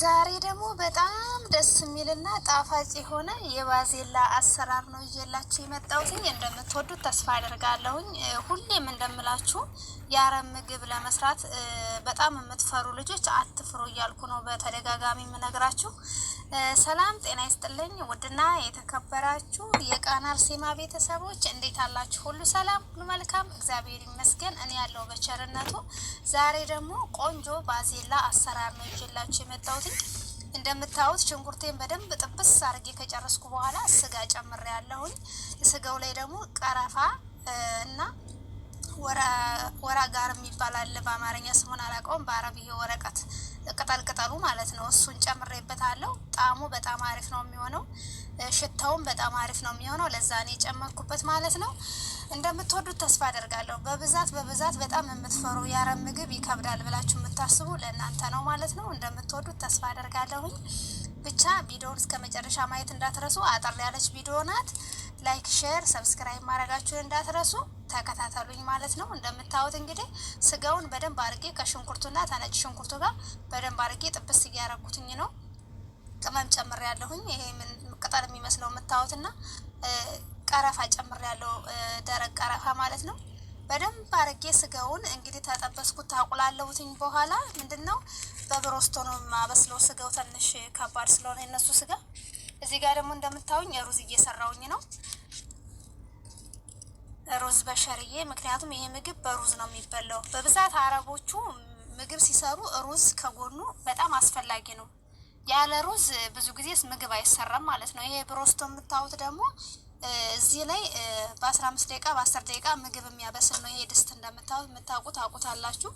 ዛሬ ደግሞ በጣም ደስ የሚልና ጣፋጭ የሆነ የባዜላ አሰራር ነው ይዤላችሁ የመጣሁት። እንደምትወዱት ተስፋ አደርጋለሁኝ። ሁሌም እንደምላችሁ የአረብ ምግብ ለመስራት በጣም የምትፈሩ ልጆች አትፍሩ እያልኩ ነው በተደጋጋሚ የምነግራችሁ። ሰላም ጤና ይስጥልኝ። ውድና የተከበራችሁ የቃና አርሴማ ቤተሰቦች እንዴት አላችሁ? ሁሉ ሰላም፣ ሁሉ መልካም፣ እግዚአብሔር ይመስገን። እኔ ያለው በቸርነቱ። ዛሬ ደግሞ ቆንጆ ባዜላ አሰራር ነው ይዤላችሁ የመጣሁት። እንደምታዩት ሽንኩርቴን በደንብ ጥብስ አድርጌ ከጨረስኩ በኋላ ስጋ ጨምሬ ያለሁኝ። ስጋው ላይ ደግሞ ቀረፋ እና ወራ ጋር የሚባል አለ። በአማርኛ ስሙን አላውቀውም፣ በአረብ ይሄ ወረቀት ቅጠል ቅጠሉ ማለት ነው። እሱን ጨምሬበታለሁ። ጣዕሙ በጣም አሪፍ ነው የሚሆነው፣ ሽታውም በጣም አሪፍ ነው የሚሆነው። ለዛ ነው የጨመርኩበት ማለት ነው። እንደምትወዱት ተስፋ አደርጋለሁ። በብዛት በብዛት በጣም የምትፈሩ የአረብ ምግብ ይከብዳል ብላችሁ የምታስቡ ለእናንተ ነው ማለት ነው። እንደምትወዱት ተስፋ አደርጋለሁኝ። ብቻ ቪዲዮውን እስከ መጨረሻ ማየት እንዳትረሱ። አጠር ያለች ቪዲዮ ናት። ላይክ፣ ሼር፣ ሰብስክራይብ ማድረጋችሁን እንዳትረሱ ተከታተሉኝ ማለት ነው። እንደምታዩት እንግዲህ ስጋውን በደንብ አድርጌ ከሽንኩርቱና ተነጭ ሽንኩርቱ ጋር በደንብ አድርጌ ጥብስ እያረጉትኝ ነው። ቅመም ጨምር ያለሁኝ ይሄ ቅጠል የሚመስለው የምታዩትና ቀረፋ ጨምር ያለው ደረቅ ቀረፋ ማለት ነው። በደንብ አርጌ ስጋውን እንግዲህ ተጠበስኩት ታቁላለሁትኝ። በኋላ ምንድን ነው በብሮስቶ ነው የማበስለው። ስጋው ትንሽ ከባድ ስለሆነ የነሱ ስጋ እዚህ ጋር ደግሞ እንደምታዩኝ ሩዝ እየሰራውኝ ነው። ሩዝ በሸርዬ፣ ምክንያቱም ይሄ ምግብ በሩዝ ነው የሚበላው። በብዛት አረቦቹ ምግብ ሲሰሩ ሩዝ ከጎኑ በጣም አስፈላጊ ነው። ያለ ሩዝ ብዙ ጊዜ ምግብ አይሰራም ማለት ነው። ይሄ ብሮስቶ የምታዩት ደግሞ እዚህ ላይ በአስራ አምስት ደቂቃ በአስር ደቂቃ ምግብ የሚያበስል ነው። ይሄ ድስት እንደምታዩት የምታውቁት አውቁታላችሁ።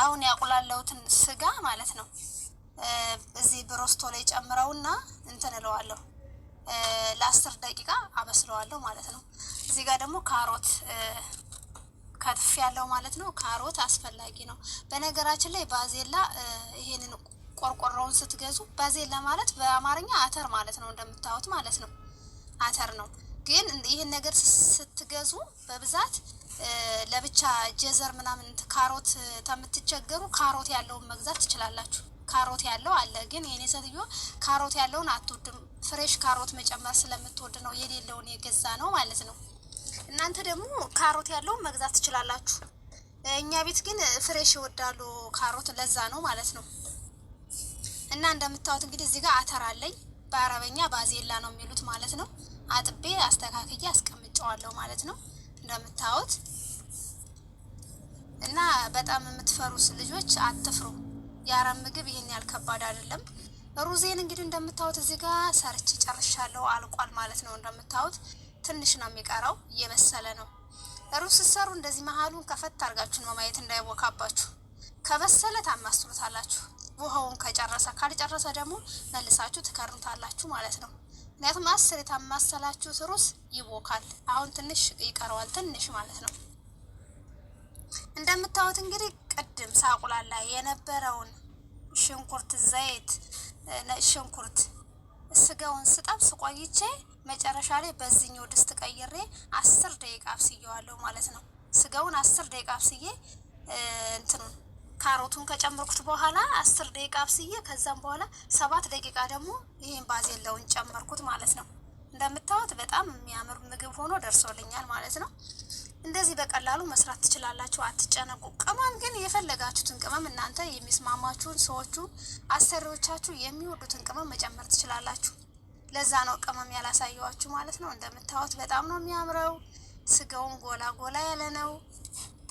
አሁን ያቁላለሁትን ስጋ ማለት ነው እዚህ ብሮስቶ ላይ ጨምረውና እንትን እለዋለሁ ለአስር ደቂቃ አበስለዋለሁ ማለት ነው። እዚህ ጋር ደግሞ ካሮት ከትፍ ያለው ማለት ነው። ካሮት አስፈላጊ ነው። በነገራችን ላይ ባዜላ ይሄንን ቆርቆሮውን ስትገዙ ባዜላ ማለት በአማርኛ አተር ማለት ነው፣ እንደምታዩት ማለት ነው። አተር ነው። ግን ይህን ነገር ስትገዙ በብዛት ለብቻ ጀዘር ምናምን ካሮት ከምትቸገሩ ካሮት ያለውን መግዛት ትችላላችሁ። ካሮት ያለው አለ። ግን የኔ ሴትዮ ካሮት ያለውን አትወድም። ፍሬሽ ካሮት መጨመር ስለምትወድ ነው የሌለውን የገዛ ነው ማለት ነው። እናንተ ደግሞ ካሮት ያለውን መግዛት ትችላላችሁ። እኛ ቤት ግን ፍሬሽ ይወዳሉ ካሮት፣ ለዛ ነው ማለት ነው። እና እንደምታዩት እንግዲህ እዚህ ጋር አተር አለኝ። በአረበኛ ባዜላ ነው የሚሉት ማለት ነው። አጥቤ አስተካክዬ አስቀምጨዋለሁ ማለት ነው እንደምታዩት እና በጣም የምትፈሩስ ልጆች አትፍሩ። የአረብ ምግብ ይህን ያህል ከባድ አይደለም። ሩዜን እንግዲህ እንደምታዩት እዚህ ጋር ሰርች ጨርሻለሁ፣ አልቋል ማለት ነው። እንደምታዩት ትንሽ ነው የሚቀረው፣ እየበሰለ ነው። ሩዝ ስትሰሩ እንደዚህ መሀሉን ከፈት አድርጋችሁ ነው ማየት እንዳይቦካባችሁ። ከበሰለ ታማስሉታላችሁ። ውሃውን ከጨረሰ ካልጨረሰ ደግሞ መልሳችሁ ትከርኑታላችሁ ማለት ነው። ምክንያቱም አስር የታማሰላችሁት ሩዝ ይቦካል። አሁን ትንሽ ይቀረዋል፣ ትንሽ ማለት ነው። እንደምታዩት እንግዲህ ቅድም ሳቁላላ የነበረውን ሽንኩርት፣ ዘይት፣ ነጭ ሽንኩርት ስጋውን ስጠብስ ቆይቼ መጨረሻ ላይ በዚህኛው ድስት ቀይሬ አስር ደቂቃ አብስየዋለሁ ማለት ነው። ስጋውን አስር ደቂቃ አብስዬ እንትኑን ካሮቱን ከጨመርኩት በኋላ አስር ደቂቃ አብስዬ ከዛም በኋላ ሰባት ደቂቃ ደግሞ ይህን ባዜላውን ጨመርኩት ማለት ነው። እንደምታዩት በጣም የሚያምር ምግብ ሆኖ ደርሶልኛል ማለት ነው። እንደዚህ በቀላሉ መስራት ትችላላችሁ፣ አትጨነቁ። ቅመም ግን የፈለጋችሁትን ቅመም እናንተ የሚስማማችሁን ሰዎቹ አሰሪዎቻችሁ የሚወዱትን ቅመም መጨመር ትችላላችሁ። ለዛ ነው ቅመም ያላሳየዋችሁ ማለት ነው። እንደምታዩት በጣም ነው የሚያምረው። ስጋውን ጎላ ጎላ ያለ ነው።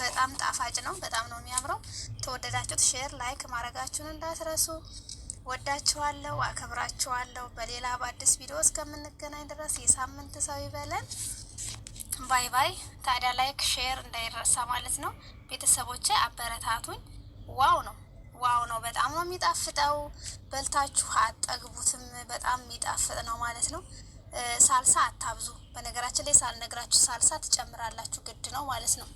በጣም ጣፋጭ ነው። በጣም ነው የሚያምረው። ተወደዳችሁት፣ ሼር ላይክ ማድረጋችሁን እንዳትረሱ። ወዳችኋለሁ፣ አከብራችኋለሁ። በሌላ በአዲስ ቪዲዮ እስከምንገናኝ ድረስ የሳምንት ሰው ይበለን። ባይ ባይ። ታዲያ ላይክ ሼር እንዳይረሳ ማለት ነው ቤተሰቦቼ፣ አበረታቱኝ። ዋው ነው ዋው ነው። በጣም ነው የሚጣፍጠው። በልታችሁ አጠግቡትም። በጣም የሚጣፍጥ ነው ማለት ነው። ሳልሳ አታብዙ። በነገራችን ላይ ሳልነግራችሁ ሳልሳ ትጨምራላችሁ፣ ግድ ነው ማለት ነው።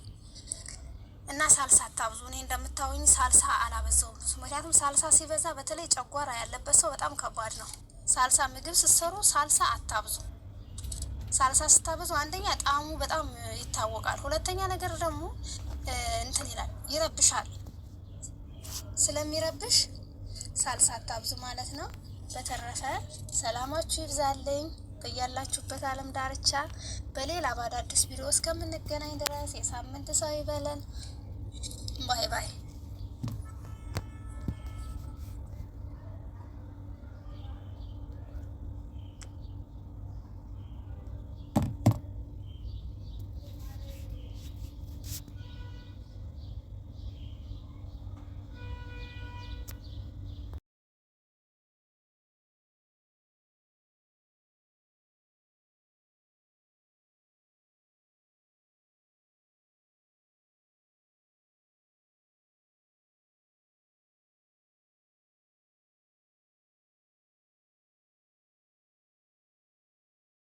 እና ሳልሳ አታብዙ። እኔ እንደምታወኝ ሳልሳ አላበዛውም። ምክንያቱም ሳልሳ ሲበዛ በተለይ ጨጓራ ያለበት ሰው በጣም ከባድ ነው። ሳልሳ ምግብ ስትሰሩ ሳልሳ አታብዙ። ሳልሳ ስታበዙ አንደኛ ጣዕሙ በጣም ይታወቃል። ሁለተኛ ነገር ደግሞ እንትን ይላል ይረብሻል። ስለሚረብሽ ሳልሳ አታብዙ ማለት ነው። በተረፈ ሰላማችሁ ይብዛልኝ በያላችሁበት ዓለም ዳርቻ በሌላ በአዳዲስ ቪዲዮ እስከምንገናኝ ድረስ የሳምንት ሰው ይበለን። ባይ ባይ።